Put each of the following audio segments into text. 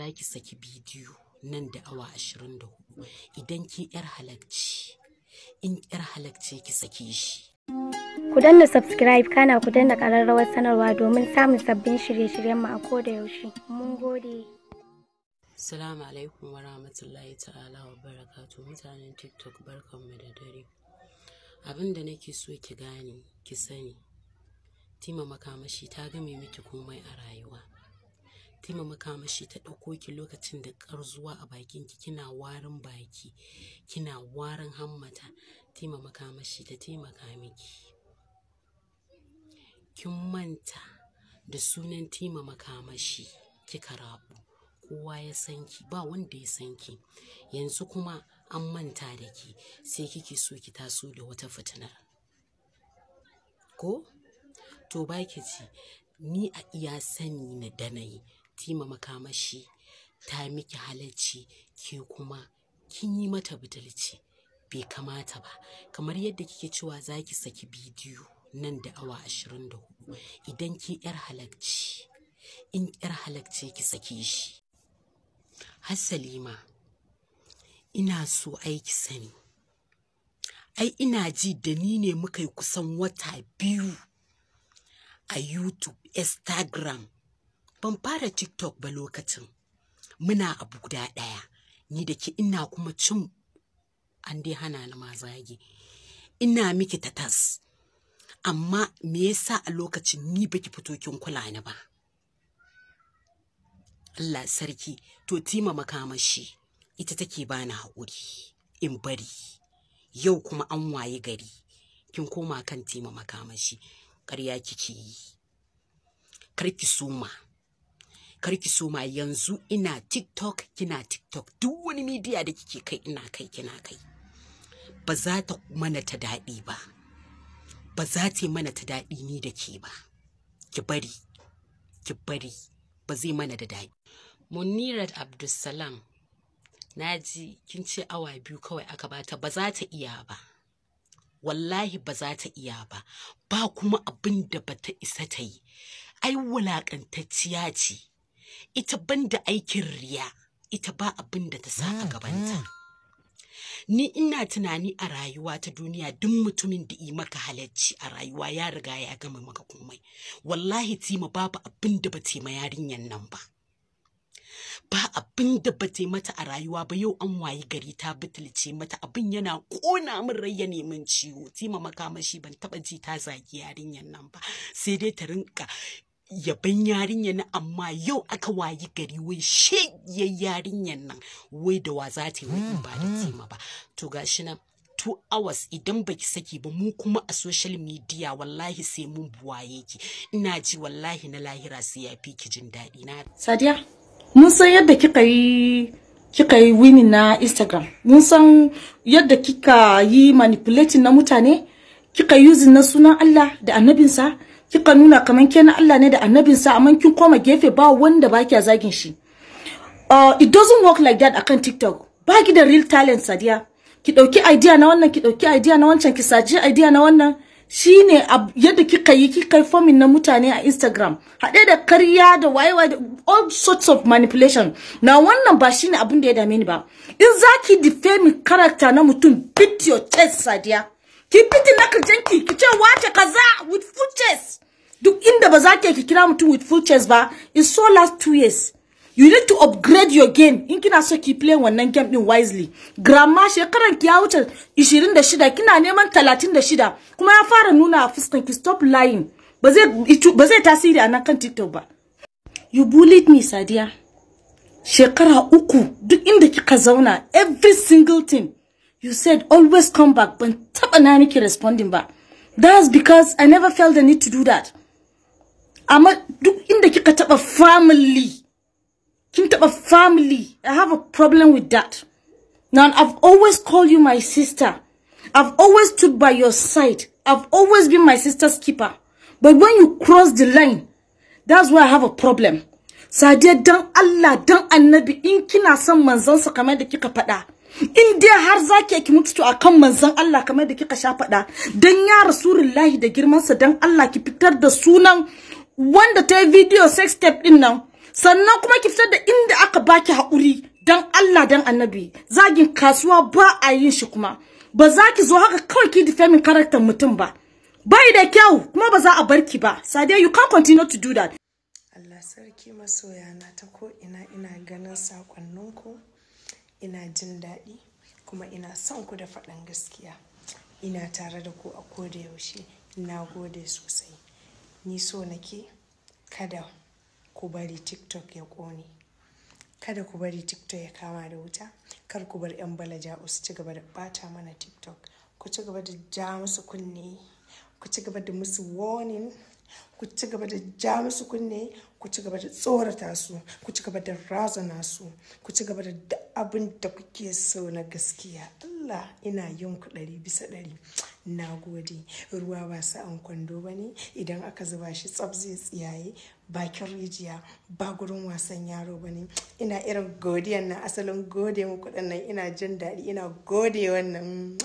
za ki saki bidiyo nan da awa 24 idan ki yar halarci in yar halarci ki saki shi ku danna subscribe kana ku danna kararrawar sanarwa domin samun sabbin shirye mu a koda yaushe mun gode assalamu alaikum wa rahmatullahi ta'ala wa barakatuh mutanen TikTok barkanmu da dare. Abin da nake so ki gane, ki sani, tima makamashi ta gami miki komai a rayuwa. taimama makamashi ta ɗauko ki lokacin da zuwa a bakin ki kina warin baki kina warin hammata taimama makamashi ta taimaka miki kin manta da sunan taimama makamashi kika rabu kowa ya san ki ba wanda ya san ki yanzu kuma an manta da ki sai kike so ki taso da wata fitinar ko to ba ki ci ni a iya sani na danayi tima makamashi ta miki halacci ke kuma kin yi mata butulci bai kamata ba kamar yadda kike cewa za ki saki bidiyo nan da awa ashirin da 24 idan ki yar halacci in yar halacci ki saki shi salima ina so aiki sani ai ina ji da ni ne muka yi kusan wata biyu a youtube instagram ban fara tiktok ba lokacin muna abu guda ɗaya ni da ke. ina kuma cin an dai hana ni ma zagi ina miki ta tas. amma me yasa a lokacin ni baki fito kin kula ni ba Allah sarki to tima makamashi ita take bani haƙuri in bari yau kuma an waye gari kin koma kan tima makamashi ƙarya kike yi kar ki suma kar ki so ma yanzu ina tiktok kina tiktok duk wani midiya da kike kai ina kai kina kai ba za ta mana ta daɗi ba ba za ta mana ta daɗi ni da ke ba ki bari ki bari ba zai mana da daɗi munirat abdulsalam na ji kin ce awa biyu kawai aka bata ba za ta iya ba wallahi ba za ta iya ba ba kuma abin da ba ta isa ta yi ai wulaƙantacciya ce ita banda aikin riya ita ba abin da ta sa a ah, gabanta ah. ni ina tunani a rayuwa ta duniya duk mutumin da yi maka halarci a rayuwa ya riga ya gama maka komai wallahi tima babu abin da ba ma yarinyan nan ba ba abin da ba mata a rayuwa ba yau an wayi gari ta butulce mata abin yana ƙona min rai ya neman ciwo tima makamashi ban taba ji ta zagi yarinyan nan ba sai dai ta rinka yaban yarinya na amma yau aka wayi gari wai ya yarinya nan wai da wa za ta yi wai ba da tima ba to gashi nan two hours idan baki saki ba mu kuma a social media wallahi sai mun buwaye ki ina ji wallahi na lahira sai ya fi ki jin daɗi na sadiya mun san yadda kika yi kika yi winning na instagram mun san yadda kika yi manipulating na mutane kika using na sunan allah da annabinsa kika nuna kaman ke na Allah ne da annabinsa amma kin koma gefe ba wanda ba kya zagin shi uh, it doesn't work like that akan TikTok ba ki da real talent sadiya ki dauki idea na wannan ki dauki idea na wancan ki idea na wannan shine yadda kika yi kika fomin na mutane a Instagram haɗe da karya da wayewa all sorts of manipulation na wannan ba shine abin da ya dame ni ba in zaki defame character na mutum beat your chest sadiya ki fitin na kirjanki ki ce wace kaza with full chest duk inda ba za ki kira mutum with full chest ba in so last two years you need to upgrade your game in kina so ki play wannan game din wisely grandma shekaran ki ya wuce 26 kina neman 36 kuma ya fara nuna a fuskan ki stop lying ba zai ba tasiri a nan kan TikTok ba you bullied me sadia. shekara uku duk inda kika zauna every single thing You said always come back when tabanani ke responding back. That's because I never felt the need to do that. I'm in the inda kika a family. Kin a family. I have a problem with that. Now I've always called you my sister. I've always stood by your side. I've always been my sister's keeper. But when you cross the line, that's where I have a problem. So I did Allah dan Annabi in kina son manzon sa kamar da kika faɗa. in dai har zaki ki mutu akan manzon Allah kamar da kika sha faɗa dan ya rasulullahi da girmansa dan Allah ki fitar da sunan wanda ta yi video sex tape din nan sannan kuma ki fitar da inda aka baki haƙuri dan Allah dan annabi zagin kasuwa ba a yin shi kuma ba za ki zo haka kawai ki defaming character mutum ba bai da kyau kuma ba za a bar ki ba sadiya you can't continue to do that Allah sarki masoyana ta ko ina ina ganin sakonninku ina jin daɗi kuma ina son ku da faɗan gaskiya ina tare da ku a koda yaushe na gode sosai ni so nake kada ku bari tiktok ya ƙone kada ku bari tiktok ya kama da wuta kar ku bar 'yan balaja su ci gaba da bata mana tiktok ku ci gaba da ja musu kunne ku ci gaba da musu warning ku ci gaba da ja musu kunne ku ci gaba da tsorata su ku ci gaba da razana su ku ci gaba da duk abin da kuke so na gaskiya Allah ina yin ku ɗari bisa ɗari na gode ruwa ba an kwando ba ne idan aka zuba shi tsab zai tsiyaye bakin rijiya ba gurin wasan yaro ba ne ina irin godiyan na asalin gode muku nan ina jin daɗi ina gode wannan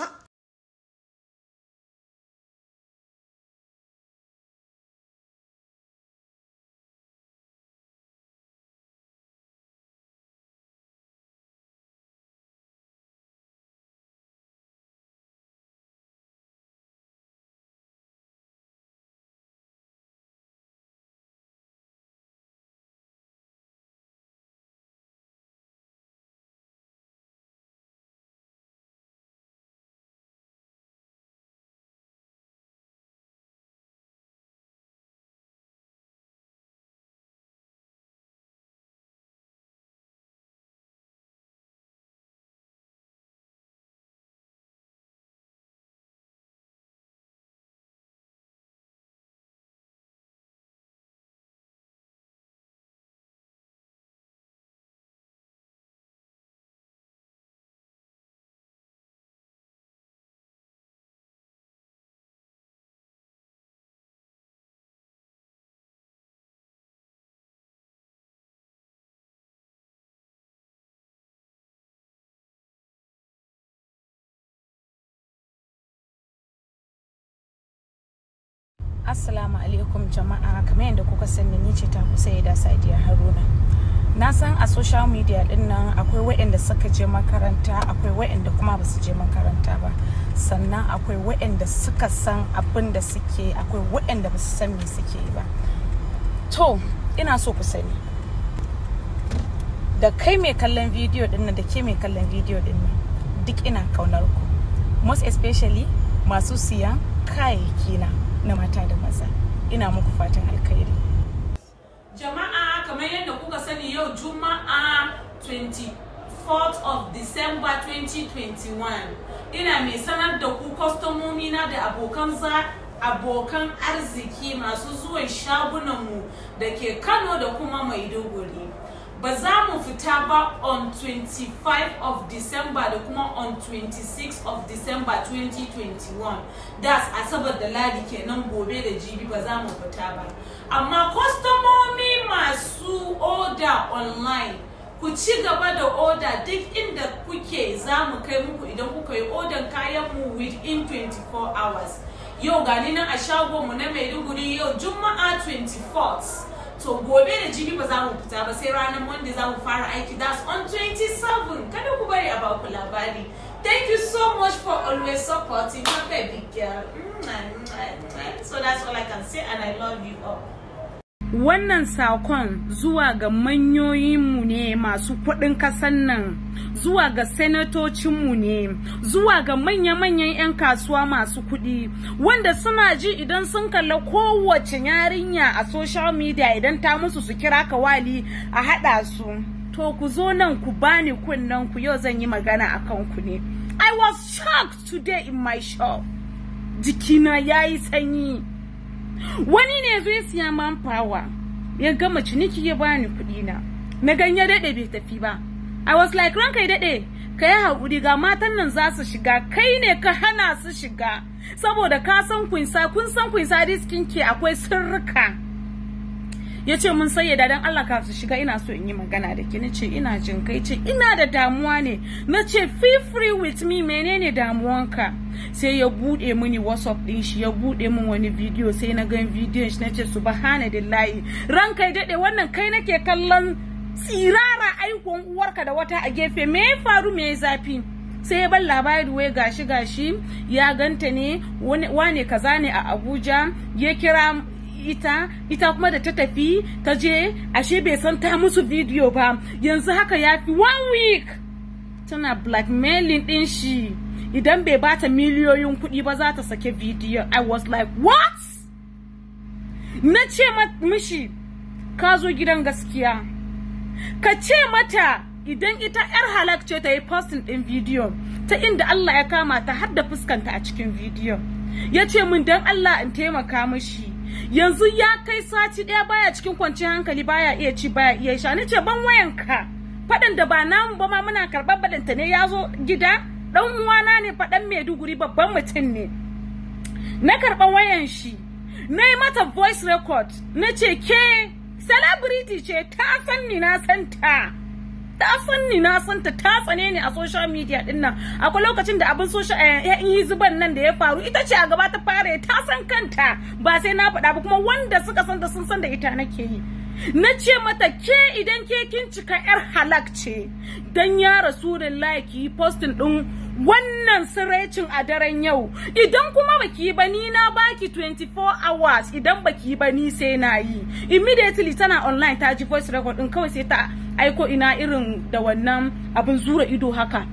assalamu alaikum jama'a kamar yadda kuka sani ni ce ta kusa da sadiya haruna na san a social media din nan akwai wa'anda suka je makaranta akwai wa'anda kuma ba su je makaranta ba sannan akwai wa'anda suka san abin da suke akwai wa'anda ba su san me suke ba to ina so ku sani da kai mai kallon bidiyo din nan da ke mai kallon bidiyo din nan duk ina kaunar ku most especially masu siyan kayayyaki na na mata da maza ina muku fatan alkhairi jama'a kamar yadda kuka sani yau juma'a 24th of december 2021 ina mai sanar da ku kwastomomi na da abokan za abokan arziki masu zuwan shagunanmu da ke kano da kuma maiduguri ba za mu fita ba on 25 of december da kuma on 26 of december 2021 das asabar da ladi kenan gobe da jibi ba za mu fita ba amma kwastomomi masu oda online ku ci gaba da oda duk inda kuke za mu kai muku idan kuka yi odan mu within 24 hours yau gani nan a mu na maiduguri yau juma'a 24 so gobe da jibi ba za mu fita ba sai ranar monday za mu fara aiki that's on 27 kada ku bari a baku labari thank you so much for always supporting my baby girl so that's all i can say and i love you all wannan sakon zuwa ga manyoyinmu ne masu kuɗin kasan nan zuwa ga senatocinmu ne zuwa ga manya-manyan 'yan kasuwa masu kuɗi wanda suna ji idan sun kalla kowace yarinya a social media idan ta musu su kira ka wali a haɗa su to ku zo nan ku bani kunnen ku yau zan yi magana a kanku ne i was shocked today in my shop jikina ya yi sanyi wani ne zai siya man fawa ya gama ciniki ya bani kuɗi na na ganye daɗe bai tafi ba i was like ranka ya daɗe ka yi haƙuri ga matan nan za su shiga kai ne ka hana su shiga saboda ka san kunsa kun san kunsa diskin ke akwai sirrika ya ce mun da don Allah ka su shiga ina so in yi magana da ke ce ina jin kai ce ina da damuwa ne na ce feel free with me menene damuwanka sai ya bude mini whatsapp din shi ya bude min wani video sai na gan video shi na ce subhanallahi ran kai dade wannan kai nake kallon tsirara aikon uwarka da wata a gefe me ya faru me ya zafi sai ya ban labari wai gashi gashi ya ganta ne wane kaza ne a abuja ya kira ita ita kuma da ta tafi ta je ashe bai san ta musu video ba yanzu haka ya fi one week tana blackmailing din shi idan bai bata miliyoyin kuɗi ba za ta sake video i was like what na ce mishi ka zo gidan gaskiya ka ce mata idan ita yar halak ce ta yi posting din video ta inda Allah ya kama ta har da fuskanta a cikin video ya ce min dan Allah in taimaka mishi yanzu ya kai sati ɗaya baya cikin kwanciyar hankali baya iya ci baya iya sha ni ce ban wayan ka faɗin da ba namu ba ma muna karɓar ta ne ya zo gida ɗan uwana ne faɗan maiduguri babban mutum ne na karɓa wayan shi na yi mata voice record na ce ke celebrity ce ta san ni na san ta ta san ni na san ta ta tsane ni a social media din nan akwai lokacin da abin social eh, eh, in yi nan da ya faru ita ce a gaba ta fara ta san kanta ba sai na faɗa ba kuma wanda suka san da sun san da ita nake yi na ce mata ke idan ke kin cika yar halak ce dan ya rasulullahi ki postin din wannan sirrecin a daren yau idan kuma baki ba ni na baki 24 hours idan baki ba ni sai na yi immediately tana online ta ji voice record din kawai sai ta aiko ina irin da wannan abin zura ido haka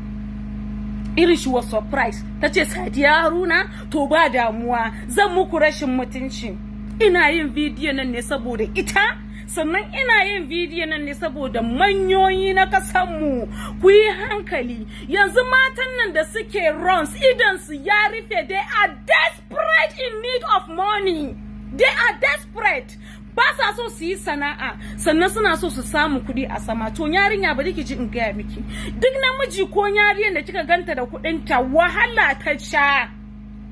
irin shi was surprise ta ce sadiya haruna to ba damuwa zan muku rashin mutunci ina yin bidiyo nan ne saboda ita sannan ina yin bidiyo nan ne saboda manyoyi na kasanmu ku yi hankali yanzu matan nan da suke runs idan su ya rufe they are desperate in need of money they are desperate ba sa so su yi sana'a sannan suna so su samu kuɗi a sama to yarinya ba ki ji in gaya miki duk namiji ko yarinyar da kika ganta da kuɗinta wahala ta sha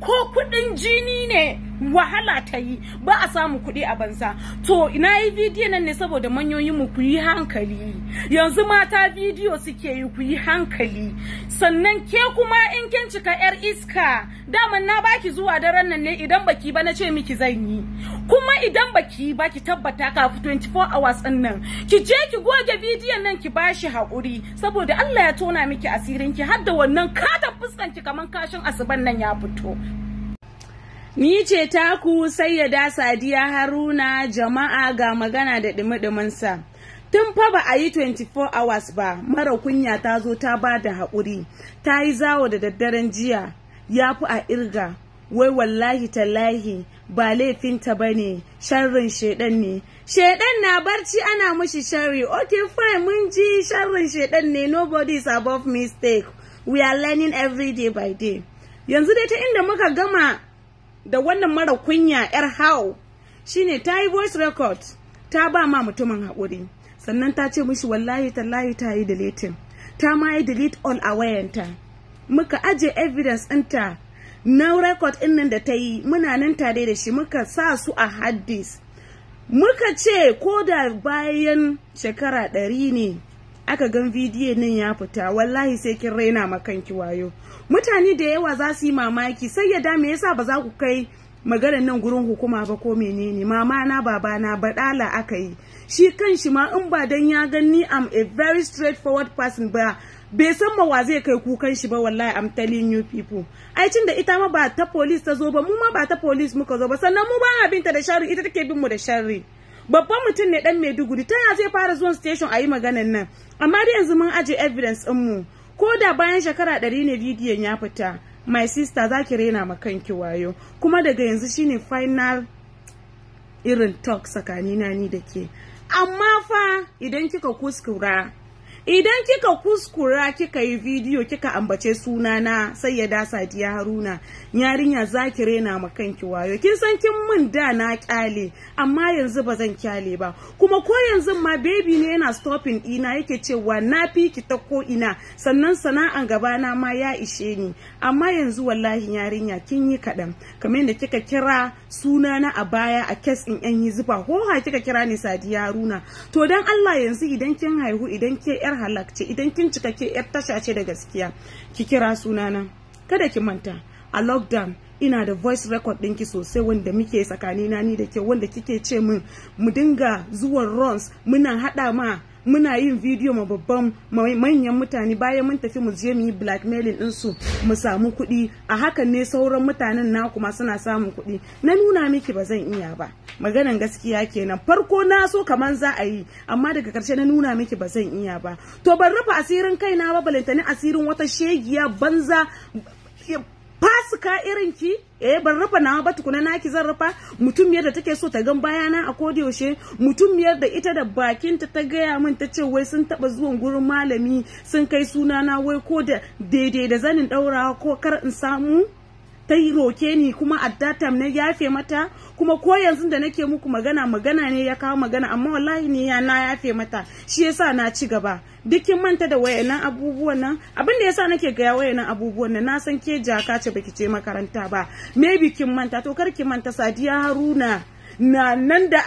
ko kuɗin jini ne wahala ta yi ba a samu kuɗi a banza to na yi bidiyo nan ne saboda manyoyin mu ku yi hankali yanzu mata bidiyo suke yi ku yi hankali sannan ke kuma in kin cika yar iska daman na baki zuwa daren nan ne idan baki ba na ce miki zan yi kuma idan baki ba ki tabbata ka 24 hours din nan ki je ki goge bidiyon nan ki bashi haƙuri saboda Allah ya tona miki asirin ki har da wannan katon fuskan ki kaman kashin asuban nan ya fito Ni ce taku sayyada Sadiya Haruna jama'a ga magana da ɗumi sa. Tun fa ba a yi 24 hours ba, mara kunya ta zo ta ba da haƙuri, ta yi zawo da daddaren jiya, ya fi a irga, wai wallahi tallahi ba laifinta ba ne, sharrin shaidan ne. Shaidan na barci ana mushi shari. ok fine mun ji sharrin shaidan ne, nobody is above mistake, we are learning every day by day. Yanzu dai ta inda muka gama da wannan mara kunya yar hau shine ta yi voice record ta ba ma mutumin haƙuri sannan ta ce mishi wallahi tallahi ta yi deleting ta ma yi delete all a wayanta muka aje evidence ɗinta na record ɗin nan da ta yi muna nan tare da shi muka sa su a haddis muka ce ko da bayan shekara ɗari ne aka gan bidiyo nan ya fita wallahi sai kin raina ma kanki wayo mutane da yawa za su yi mamaki sai ya da me yasa ba za ku kai maganar nan gurin hukuma ba ko menene mama na baba na badala aka yi shi kan shi ma in ba dan ya gani am a very straightforward person ba bai san ma wa zai kai kukan shi ba wallahi am telling you people ai cin da ita ma ba ta police ta zo ba mu ma ba ta police muka zo ba sannan mu ba abinta da sharri ita take bin mu da sharri babban mutum ne dan Maiduguri ta ya zai fara zuwan station a yi maganan nan amma dai yanzu mun aje evidence din mu ko da bayan shekara ɗari ne bidiyon ya fita my sister za ki rena ma kanki wayo kuma daga yanzu shine final irin talk tsakanina ni da ke amma fa idan kika kuskura idan kika kuskura kika yi bidiyo kika ambace sunana sai ya dasa diya haruna yarinya za ki rena ma kanki wayo kin san kin mun da na kyale amma yanzu ba zan kyale ba kuma ko yanzu ma baby ne yana stopping ina yake cewa na fi ki ta ko ina sannan sana'an gaba na ma ya ishe ni amma yanzu wallahi yarinya kin yi kaɗan kamar yadda kika kira sunana a baya a kes in yan yi zuba ho ha kika kira ni sadiya haruna to dan Allah yanzu idan kin haihu idan ke yar halak idan kin cika ke yar tasha ce da gaskiya ki kira sunana kada ki manta a lockdown ina da voice record ɗinki sosai wanda muke tsakanina ni da ke wanda kike ce min mu dinga zuwan runs muna haɗa ma muna yin video ma babban manyan mutane bayan mun tafi mu je mu yi blackmailing din su mu samu kuɗi a hakan ne sauran mutanen na kuma suna samun kuɗi na nuna miki ba zan iya ba maganan gaskiya kenan farko na so kaman za a yi amma daga karshe na nuna miki ba zan iya ba to ban rufe asirin kaina ba balantani asirin wata shegiya banza fasika irin ki eh ban rufa nawa ba tukuna naki zan rufa mutum da take so ta gan bayana a koda yaushe mutum yadda ita da bakinta ta gaya min ta ce wai sun taba zuwan gurin malami sun kai sunana wai ko da daidai da zanin daurawa ko kar in samu ta yi roke ni kuma at that na yafe mata kuma ko yanzu da nake muku magana magana ne ya kawo magana amma wallahi ni ya na yafe mata shi yasa na ci gaba dukkin manta da wayannan abubuwan nan abin da yasa nake gaya wayannan abubuwan nan na san ke jaka ce baki ce makaranta ba maybe kin manta to kar ki manta Sadiya Haruna na nan da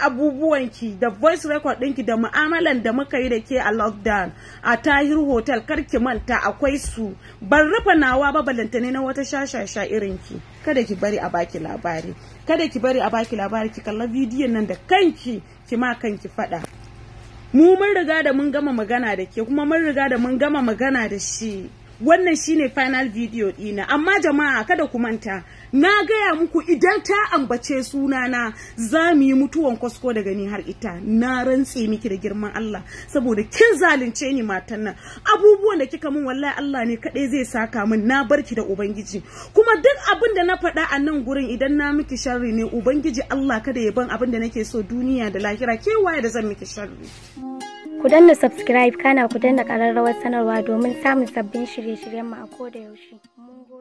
ki da voice record ɗinki da mu'amalan da muka yi da ke a lockdown a tahir hotel karki manta akwai su ban rufe nawa ba balantane na wata shashasha irinki kada ki bari a baki labari kada ki bari a baki labari ki kalla bidiyon nan da kanki ki ma kanki faɗa mu mun riga da mun gama magana da ke kuma mun riga da mun gama magana da shi wannan shine final video ɗina amma jama'a kada ku manta na gaya muku idan ta ambace sunana za mu yi mutuwan kwasko daga ni har ita na rantse miki da girman Allah saboda kin zalunce ni matan nan abubuwan da kika min wallahi Allah ne kadai zai saka min na barki da ubangiji kuma duk abin da na faɗa a nan gurin idan na miki sharri ne ubangiji Allah kada ya ban abin da nake so duniya da lahira ke waye da zan miki sharri ku danna subscribe kana ku danna kararrawar sanarwa domin samun sabbin shirye-shiryen mu a koda yaushe